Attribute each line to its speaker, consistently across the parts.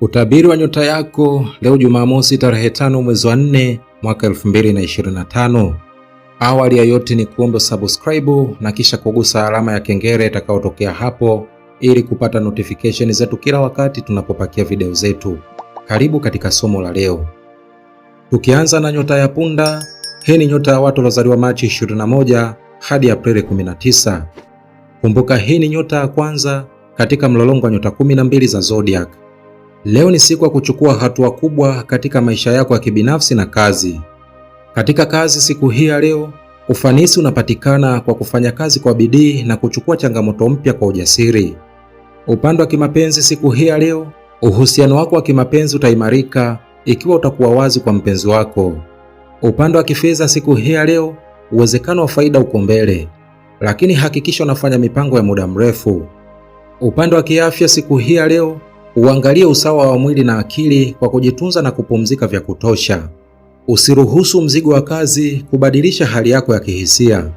Speaker 1: Utabiri wa nyota yako leo Jumamosi tarehe tano mwezi wa nne mwaka 2025. Awali ya yote ni kuomba subscribe na kisha kugusa alama ya kengele itakayotokea hapo ili kupata notification zetu kila wakati tunapopakia video zetu. Karibu katika somo la leo, tukianza na nyota ya punda. Hii ni nyota ya watu waliozaliwa Machi 21 hadi Aprili 19. Kumbuka, hii ni nyota ya kwanza katika mlolongo wa nyota 12 za zodiac. Leo ni siku ya kuchukua hatua kubwa katika maisha yako ya kibinafsi na kazi. Katika kazi siku hii ya leo, ufanisi unapatikana kwa kufanya kazi kwa bidii na kuchukua changamoto mpya kwa ujasiri. Upande wa kimapenzi siku hii ya leo, uhusiano wako wa kimapenzi utaimarika ikiwa utakuwa wazi kwa mpenzi wako. Upande wa kifedha siku hii ya leo, uwezekano wa faida uko mbele, lakini hakikisha unafanya mipango ya muda mrefu. Upande wa kiafya siku hii ya leo, Uangalie usawa wa mwili na akili kwa kujitunza na kupumzika vya kutosha. Usiruhusu mzigo wa kazi kubadilisha hali yako ya kihisia.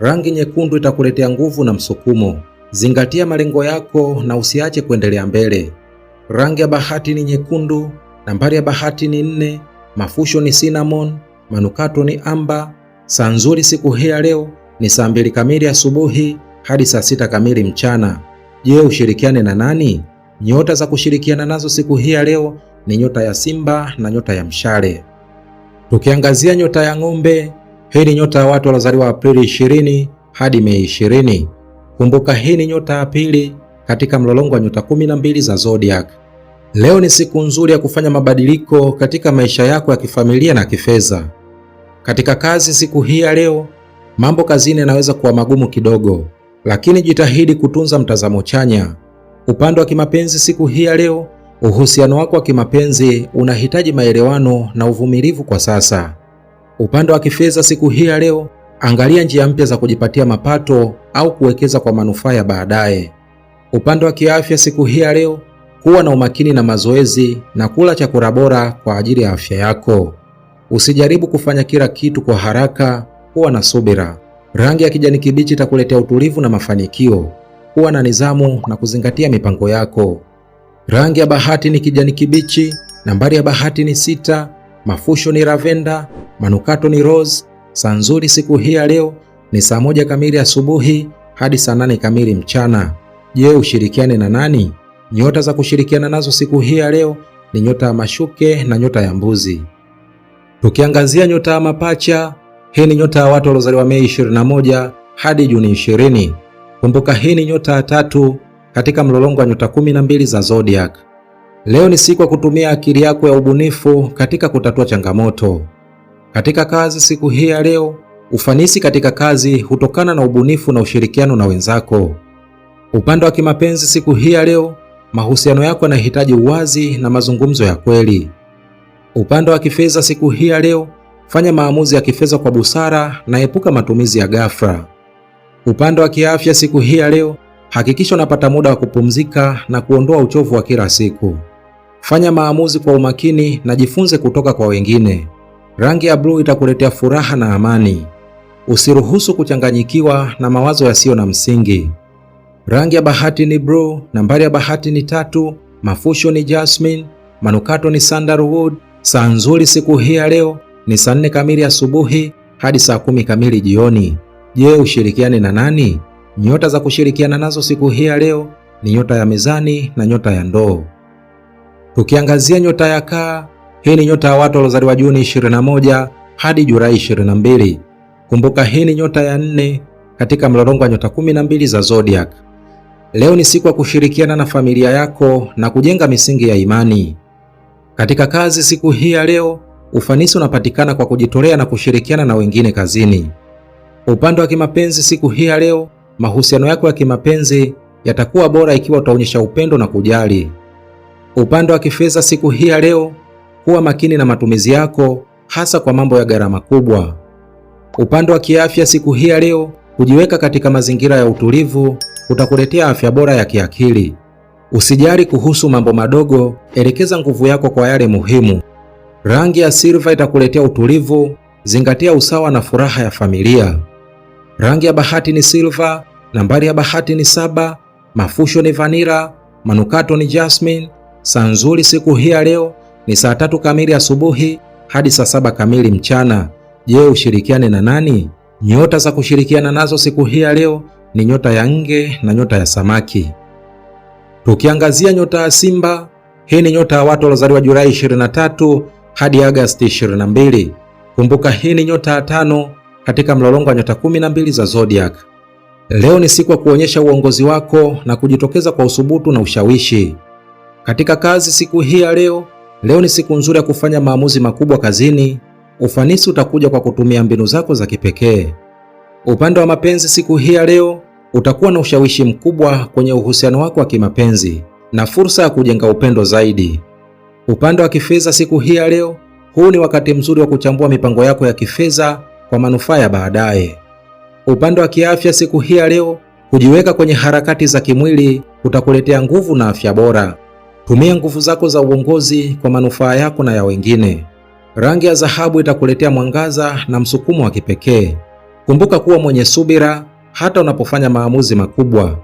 Speaker 1: Rangi nyekundu itakuletea nguvu na msukumo. Zingatia malengo yako na usiache kuendelea mbele. Rangi ya bahati ni nyekundu, nambari ya bahati ni nne, mafusho ni cinnamon, manukato ni amba. Saa nzuri siku hii ya leo ni saa mbili kamili asubuhi hadi saa sita kamili mchana. Je, ushirikiane na nani? Nyota za kushirikiana nazo siku hii ya leo ni nyota ya Simba na nyota ya Mshale. Tukiangazia nyota ya Ng'ombe, hii ni nyota ya watu waliozaliwa Aprili 20 hadi Mei 20. Kumbuka hii ni nyota ya pili katika mlolongo wa nyota 12 za zodiac. Leo ni siku nzuri ya kufanya mabadiliko katika maisha yako ya kifamilia na kifedha. Katika kazi siku hii ya leo, mambo kazini yanaweza kuwa magumu kidogo, lakini jitahidi kutunza mtazamo chanya. Upande wa kimapenzi siku hii ya leo, uhusiano wako wa kimapenzi unahitaji maelewano na uvumilivu kwa sasa. Upande wa kifedha siku hii ya leo, angalia njia mpya za kujipatia mapato au kuwekeza kwa manufaa ya baadaye. Upande wa kiafya siku hii ya leo, kuwa na umakini na mazoezi na kula chakula bora kwa ajili ya afya yako. Usijaribu kufanya kila kitu kwa haraka, kuwa na subira. Rangi ya kijani kibichi itakuletea utulivu na mafanikio kuwa na nidhamu na kuzingatia mipango yako. Rangi ya bahati ni kijani kibichi, nambari ya bahati ni sita, mafusho ni lavenda, manukato ni rose. Saa nzuri siku hii ya leo ni saa moja kamili asubuhi hadi saa nane kamili mchana. Je, ushirikiane na nani? Nyota za kushirikiana nazo siku hii ya leo ni nyota ya mashuke na nyota ya mbuzi. Tukiangazia nyota ya mapacha, hii ni nyota ya watu waliozaliwa Mei 21 hadi Juni 20. Kumbuka hii ni nyota ya tatu katika mlolongo wa nyota kumi na mbili za zodiac. Leo ni siku ya kutumia akili yako ya ubunifu katika kutatua changamoto. Katika kazi siku hii ya leo, ufanisi katika kazi hutokana na ubunifu na ushirikiano na wenzako. Upande wa kimapenzi siku hii ya leo, mahusiano yako yanahitaji uwazi na mazungumzo ya kweli. Upande wa kifedha siku hii ya leo, fanya maamuzi ya kifedha kwa busara na epuka matumizi ya ghafla. Upande wa kiafya siku hii ya leo, hakikisha unapata muda wa kupumzika na kuondoa uchovu wa kila siku. Fanya maamuzi kwa umakini na jifunze kutoka kwa wengine. Rangi ya bluu itakuletea furaha na amani. Usiruhusu kuchanganyikiwa na mawazo yasiyo na msingi. Rangi ya bahati ni bluu, nambari ya bahati ni tatu, mafusho ni jasmine, manukato ni sandalwood. Saa nzuri siku hii ya leo ni saa nne kamili asubuhi hadi saa kumi kamili jioni. Je, ushirikiane na nani? Nyota za kushirikiana nazo siku hii ya leo ni nyota ya mezani na nyota ya ndoo. Tukiangazia nyota ya kaa, hii ni nyota ya watu waliozaliwa Juni 21 hadi Julai 22. Kumbuka hii ni nyota ya nne katika mlolongo wa nyota 12 za zodiac. Leo ni siku ya kushirikiana na familia yako na kujenga misingi ya imani. Katika kazi siku hii ya leo, ufanisi unapatikana kwa kujitolea na kushirikiana na wengine kazini. Upande wa kimapenzi siku hii ya leo, mahusiano yako ya kimapenzi yatakuwa bora ikiwa utaonyesha upendo na kujali. Upande wa kifedha siku hii ya leo, kuwa makini na matumizi yako, hasa kwa mambo ya gharama kubwa. Upande wa kiafya siku hii ya leo, kujiweka katika mazingira ya utulivu utakuletea afya bora ya kiakili. Usijali kuhusu mambo madogo, elekeza nguvu yako kwa yale muhimu. Rangi ya silva itakuletea utulivu. Zingatia usawa na furaha ya familia. Rangi ya bahati ni silver, nambari ya bahati ni saba, mafusho ni vanira, manukato ni jasmine. Saa nzuri siku hii ya leo ni saa tatu kamili asubuhi hadi saa saba kamili mchana. Je, ushirikiane na nani? Nyota za kushirikiana nazo siku hii ya leo ni nyota ya nge na nyota ya samaki. Tukiangazia nyota ya Simba, hii ni nyota ya watu waliozaliwa Julai 23 hadi Agasti 22. Kumbuka, hii ni nyota ya tano katika mlolongo wa nyota 12 za zodiac. Leo ni siku ya kuonyesha uongozi wako na kujitokeza kwa usubutu na ushawishi katika kazi. Siku hii ya leo, leo ni siku nzuri ya kufanya maamuzi makubwa kazini. Ufanisi utakuja kwa kutumia mbinu zako za kipekee. Upande wa mapenzi, siku hii ya leo utakuwa na ushawishi mkubwa kwenye uhusiano wako wa kimapenzi na fursa ya kujenga upendo zaidi. Upande wa kifedha, siku hii ya leo, huu ni wakati mzuri wa kuchambua mipango yako ya kifedha kwa manufaa ya baadaye. Upande wa kiafya, siku hii ya leo, kujiweka kwenye harakati za kimwili kutakuletea nguvu na afya bora. Tumia nguvu zako za uongozi kwa manufaa yako na ya wengine. Rangi ya dhahabu itakuletea mwangaza na msukumo wa kipekee. Kumbuka kuwa mwenye subira hata unapofanya maamuzi makubwa.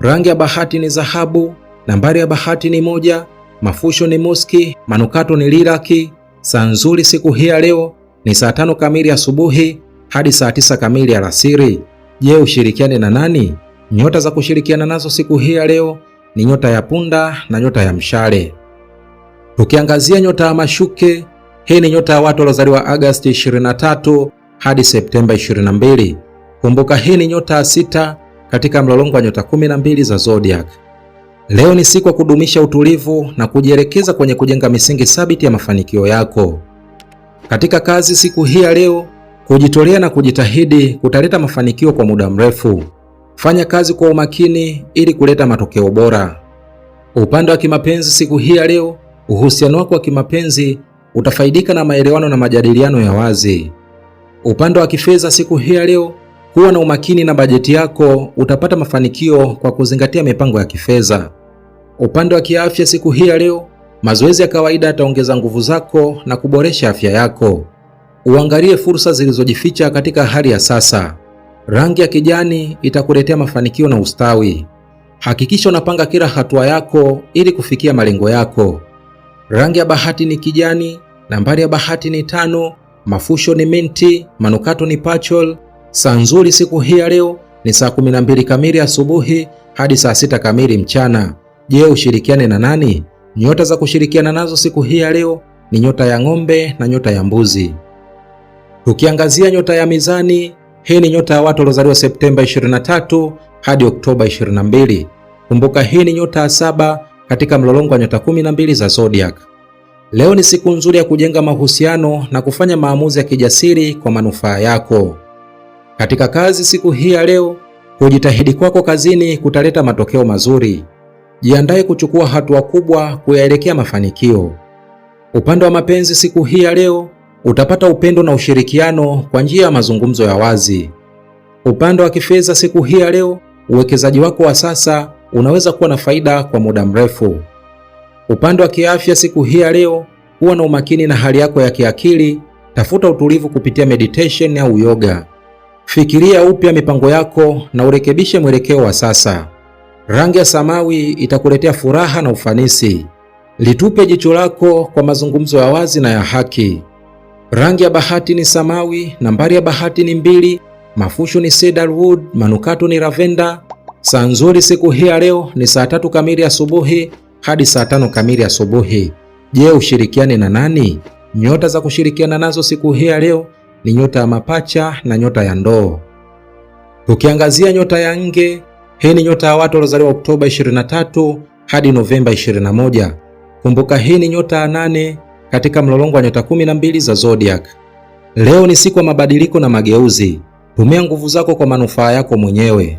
Speaker 1: Rangi ya bahati ni dhahabu. Nambari ya bahati ni moja. Mafusho ni muski. Manukato ni lilaki. Saa nzuri siku hii ya leo ni saa tano kamili asubuhi hadi saa tisa kamili alasiri. Je, ushirikiane na nani? Nyota za kushirikiana nazo siku hii ya leo ni nyota ya punda na nyota ya mshale. Tukiangazia nyota ya mashuke, hii ni nyota ya watu waliozaliwa Agosti 23 hadi Septemba 22. Kumbuka hii ni nyota ya sita katika mlolongo wa nyota 12 za zodiac. Leo ni siku ya kudumisha utulivu na kujielekeza kwenye kujenga misingi thabiti ya mafanikio yako. Katika kazi siku hii ya leo, kujitolea na kujitahidi kutaleta mafanikio kwa muda mrefu. Fanya kazi kwa umakini ili kuleta matokeo bora. Upande wa kimapenzi siku hii ya leo, uhusiano wako wa kimapenzi utafaidika na maelewano na majadiliano ya wazi. Upande wa kifedha siku hii ya leo, kuwa na umakini na bajeti yako, utapata mafanikio kwa kuzingatia mipango ya kifedha. Upande wa kiafya siku hii ya leo, Mazoezi ya kawaida yataongeza nguvu zako na kuboresha afya yako. Uangalie fursa zilizojificha katika hali ya sasa. Rangi ya kijani itakuletea mafanikio na ustawi. Hakikisha unapanga kila hatua yako ili kufikia malengo yako. Rangi ya bahati ni kijani, nambari ya bahati ni tano, mafusho ni minti, manukato ni patchol. Saa nzuri siku hii ya leo ni saa 12 kamili asubuhi hadi saa 6 kamili mchana. Je, ushirikiane na nani? Nyota za kushirikiana nazo siku hii ya leo ni nyota ya ng'ombe na nyota ya mbuzi. Tukiangazia nyota ya mizani, hii ni nyota ya watu waliozaliwa Septemba 23 hadi Oktoba 22. Kumbuka hii ni nyota ya saba katika mlolongo wa nyota 12 za zodiac. Leo ni siku nzuri ya kujenga mahusiano na kufanya maamuzi ya kijasiri kwa manufaa yako. Katika kazi siku hii ya leo, kujitahidi kwako kazini kutaleta matokeo mazuri jiandae kuchukua hatua kubwa kuyaelekea mafanikio. Upande wa mapenzi, siku hii ya leo utapata upendo na ushirikiano kwa njia ya mazungumzo ya wazi. Upande wa kifedha, siku hii ya leo uwekezaji wako wa sasa unaweza kuwa na faida kwa muda mrefu. Upande wa kiafya, siku hii ya leo kuwa na umakini na hali yako ya kiakili. Tafuta utulivu kupitia meditation au yoga. Fikiria upya mipango yako na urekebishe mwelekeo wa sasa. Rangi ya samawi itakuletea furaha na ufanisi. Litupe jicho lako kwa mazungumzo ya wazi na ya haki. Rangi ya bahati ni samawi, nambari ya bahati ni mbili, mafusho ni cedarwood, manukato ni lavenda. Saa nzuri siku hii ya leo ni saa tatu kamili asubuhi hadi saa tano kamili asubuhi. Je, ushirikiane na nani? Nyota za kushirikiana nazo siku hii ya leo ni nyota ya mapacha na nyota ya ndoo. Tukiangazia nyota ya nge, hii ni nyota ya watu waliozaliwa Oktoba 23 hadi Novemba 21. Kumbuka hii ni nyota ya nane katika mlolongo wa nyota 12 za zodiac. Leo ni siku ya mabadiliko na mageuzi. Tumia nguvu zako kwa manufaa yako mwenyewe.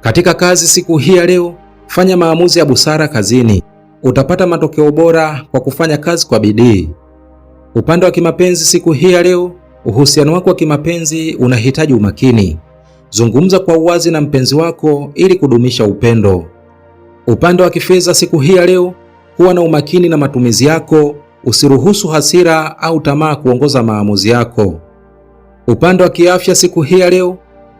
Speaker 1: Katika kazi siku hii ya leo, fanya maamuzi ya busara kazini. Utapata matokeo bora kwa kufanya kazi kwa bidii. Upande wa kimapenzi siku hii ya leo, uhusiano wako wa kimapenzi unahitaji umakini. Zungumza kwa uwazi na mpenzi wako ili kudumisha upendo. Upande wa kifedha siku hii ya leo, kuwa na umakini na matumizi yako. Usiruhusu hasira au tamaa kuongoza maamuzi yako. Upande wa kiafya siku hii ya leo,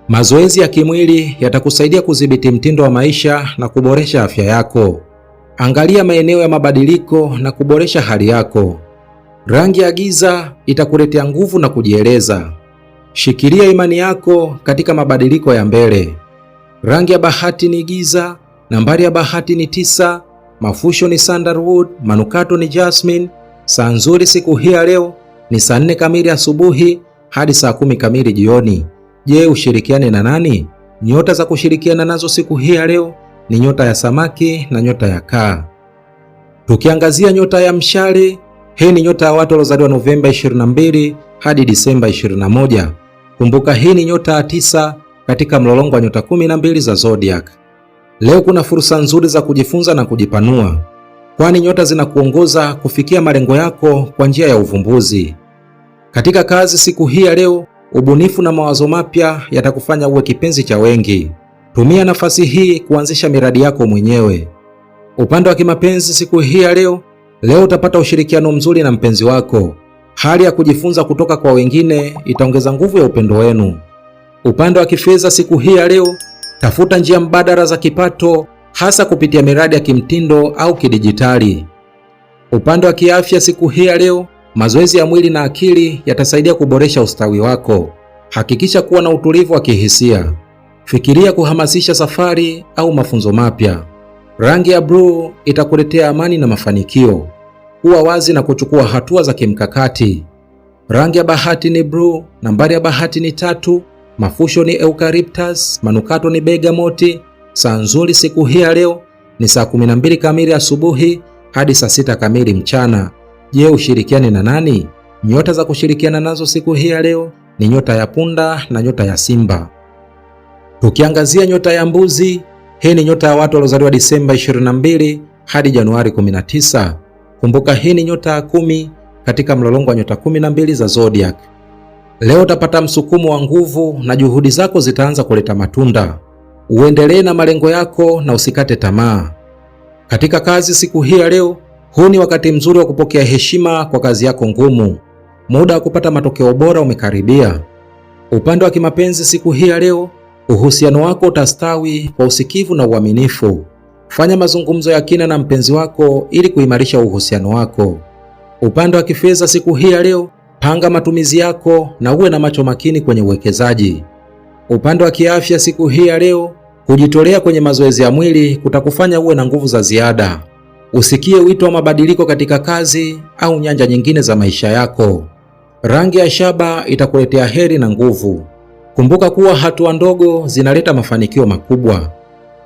Speaker 1: mazoezi ya kimwili yatakusaidia kudhibiti mtindo wa maisha na kuboresha afya yako. Angalia maeneo ya mabadiliko na kuboresha hali yako. Rangi ya giza itakuletea nguvu na kujieleza. Shikilia imani yako katika mabadiliko ya mbele. Rangi ya bahati ni giza, nambari ya bahati ni tisa, mafusho ni sandalwood, manukato ni jasmine. Saa nzuri siku hii ya leo ni saa nne kamili asubuhi hadi saa kumi kamili jioni. Je, ushirikiane na nani? Nyota za kushirikiana nazo siku hii ya leo ni nyota ya samaki na nyota ya kaa. Tukiangazia nyota ya mshale, hii ni nyota ya watu waliozaliwa Novemba 22 hadi Disemba 21. Kumbuka hii ni nyota tisa katika mlolongo wa nyota kumi na mbili za zodiac. Leo kuna fursa nzuri za kujifunza na kujipanua, kwani nyota zinakuongoza kufikia malengo yako kwa njia ya uvumbuzi. Katika kazi siku hii ya leo, ubunifu na mawazo mapya yatakufanya uwe kipenzi cha wengi. Tumia nafasi hii kuanzisha miradi yako mwenyewe. Upande wa kimapenzi siku hii ya leo, leo utapata ushirikiano mzuri na mpenzi wako. Hali ya kujifunza kutoka kwa wengine itaongeza nguvu ya upendo wenu. Upande wa kifedha siku hii ya leo, tafuta njia mbadala za kipato hasa kupitia miradi ya kimtindo au kidijitali. Upande wa kiafya siku hii ya leo, mazoezi ya mwili na akili yatasaidia kuboresha ustawi wako. Hakikisha kuwa na utulivu wa kihisia. Fikiria kuhamasisha safari au mafunzo mapya. Rangi ya bluu itakuletea amani na mafanikio kuwa wazi na kuchukua hatua za kimkakati. Rangi ya bahati ni bru nambari ya bahati ni tatu, mafusho ni eucalyptus, manukato ni begamoti Saa nzuri siku hii ya leo ni saa 12 kamili asubuhi hadi saa 6 kamili mchana. Je, ushirikiane na nani? Nyota za kushirikiana nazo siku hii ya leo ni nyota ya punda na nyota ya simba. Tukiangazia nyota ya mbuzi, hii ni nyota ya watu waliozaliwa Disemba 22 hadi Januari 19. Kumbuka hii ni nyota ya kumi katika mlolongo wa nyota kumi na mbili za zodiac. Leo utapata msukumo wa nguvu na juhudi zako zitaanza kuleta matunda. Uendelee na malengo yako na usikate tamaa katika kazi. Siku hii ya leo, huu ni wakati mzuri wa kupokea heshima kwa kazi yako ngumu. Muda wa kupata matokeo bora umekaribia. Upande wa kimapenzi, siku hii ya leo, uhusiano wako utastawi kwa usikivu na uaminifu. Fanya mazungumzo ya kina na mpenzi wako ili kuimarisha uhusiano wako. Upande wa kifedha siku hii ya leo, panga matumizi yako na uwe na macho makini kwenye uwekezaji. Upande wa kiafya siku hii ya leo, kujitolea kwenye mazoezi ya mwili kutakufanya uwe na nguvu za ziada. Usikie wito wa mabadiliko katika kazi au nyanja nyingine za maisha yako. Rangi ya shaba itakuletea heri na nguvu. Kumbuka kuwa hatua ndogo zinaleta mafanikio makubwa.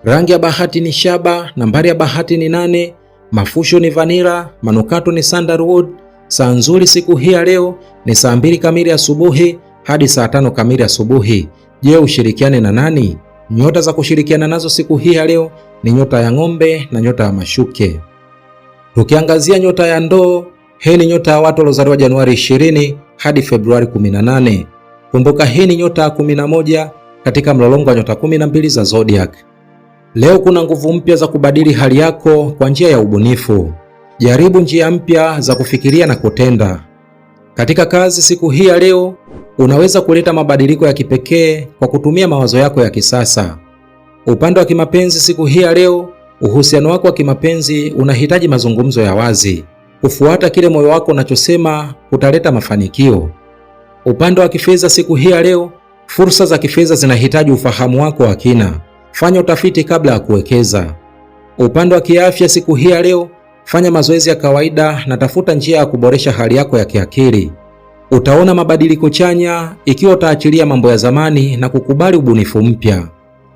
Speaker 1: Rangi ya bahati ni shaba, nambari ya bahati ni nane, mafusho ni vanira, manukato ni sandalwood. Saa nzuri siku hii ya leo ni saa mbili kamili asubuhi hadi saa tano kamili asubuhi. Je, ushirikiane na nani? Nyota za kushirikiana nazo siku hii ya leo ni nyota ya ng'ombe na nyota ya mashuke. Tukiangazia nyota ya ndoo, hii ni nyota ya watu waliozaliwa Januari 20 hadi Februari 18. Kumbuka hii ni nyota ya 11 katika mlolongo wa nyota 12 za zodiac. Leo kuna nguvu mpya za kubadili hali yako kwa njia ya ubunifu. Jaribu njia mpya za kufikiria na kutenda. Katika kazi siku hii ya leo, unaweza kuleta mabadiliko ya kipekee kwa kutumia mawazo yako ya kisasa. Upande wa kimapenzi siku hii ya leo, uhusiano wako wa kimapenzi unahitaji mazungumzo ya wazi. Kufuata kile moyo wako unachosema kutaleta mafanikio. Upande wa kifedha siku hii ya leo, fursa za kifedha zinahitaji ufahamu wako wa kina fanya utafiti kabla ya kuwekeza. Upande wa kiafya siku hii ya leo, fanya mazoezi ya kawaida na tafuta njia ya kuboresha hali yako ya kiakili. Utaona mabadiliko chanya ikiwa utaachilia mambo ya zamani na kukubali ubunifu mpya.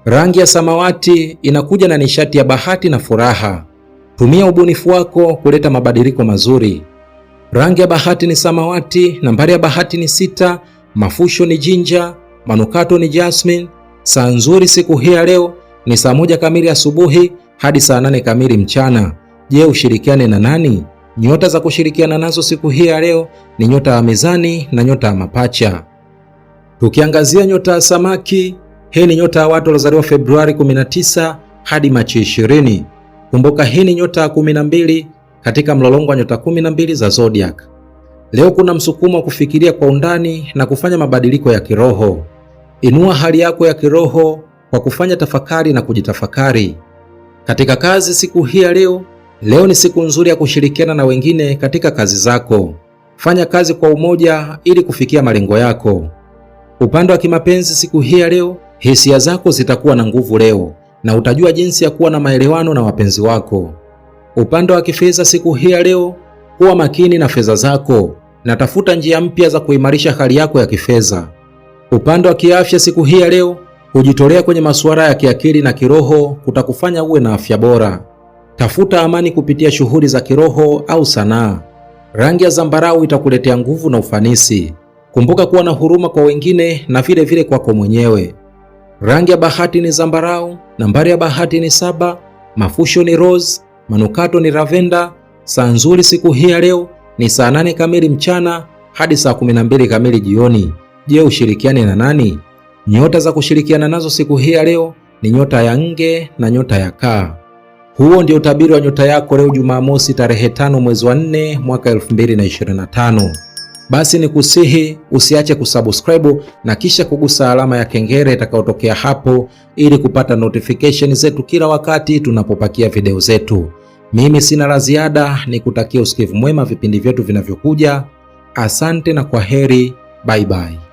Speaker 1: Rangi ya samawati inakuja na nishati ya bahati na furaha. Tumia ubunifu wako kuleta mabadiliko mazuri. Rangi ya bahati ni samawati, nambari ya bahati ni sita, mafusho ni jinja, manukato ni jasmine, Saa nzuri siku hii ya leo ni saa moja kamili asubuhi hadi saa nane kamili mchana. Je, ushirikiane na nani? Nyota za kushirikiana nazo siku hii ya leo ni nyota ya mezani na nyota ya mapacha. Tukiangazia nyota ya samaki, hii ni nyota ya watu waliozaliwa Februari 19 hadi Machi 20. Kumbuka hii ni nyota ya 12 katika mlolongo wa nyota 12 za zodiac. Leo kuna msukumo wa kufikiria kwa undani na kufanya mabadiliko ya kiroho. Inua hali yako ya kiroho kwa kufanya tafakari na kujitafakari katika kazi siku hii ya leo. Leo ni siku nzuri ya kushirikiana na wengine katika kazi zako. Fanya kazi kwa umoja ili kufikia malengo yako. Upande wa kimapenzi siku hii ya leo, hisia zako zitakuwa na nguvu leo na utajua jinsi ya kuwa na maelewano na wapenzi wako. Upande wa kifedha siku hii ya leo, kuwa makini na fedha zako na tafuta njia mpya za kuimarisha hali yako ya kifedha. Upande wa kiafya siku hii ya leo, kujitolea kwenye masuala ya kiakili na kiroho kutakufanya uwe na afya bora. Tafuta amani kupitia shughuli za kiroho au sanaa. Rangi ya zambarau itakuletea nguvu na ufanisi. Kumbuka kuwa na huruma kwa wengine na vile vile kwako mwenyewe. Rangi ya bahati ni zambarau, nambari ya bahati ni saba, mafusho ni rose, manukato ni lavenda. Saa nzuri siku hii ya leo ni saa nane kamili mchana hadi saa 12 kamili jioni. Je, ushirikiane na nani? Nyota za kushirikiana nazo siku hii ya leo ni nyota ya nge na nyota ya kaa. Huo ndio utabiri wa nyota yako leo Jumamosi tarehe tano mwezi wa 4 mwaka 2025. Basi ni kusihi usiache kusubscribe na kisha kugusa alama ya kengele itakayotokea hapo ili kupata notification zetu kila wakati tunapopakia video zetu. Mimi sina la ziada, ni kutakia usikivu mwema vipindi vyetu vinavyokuja. Asante na kwa heri, bye bye.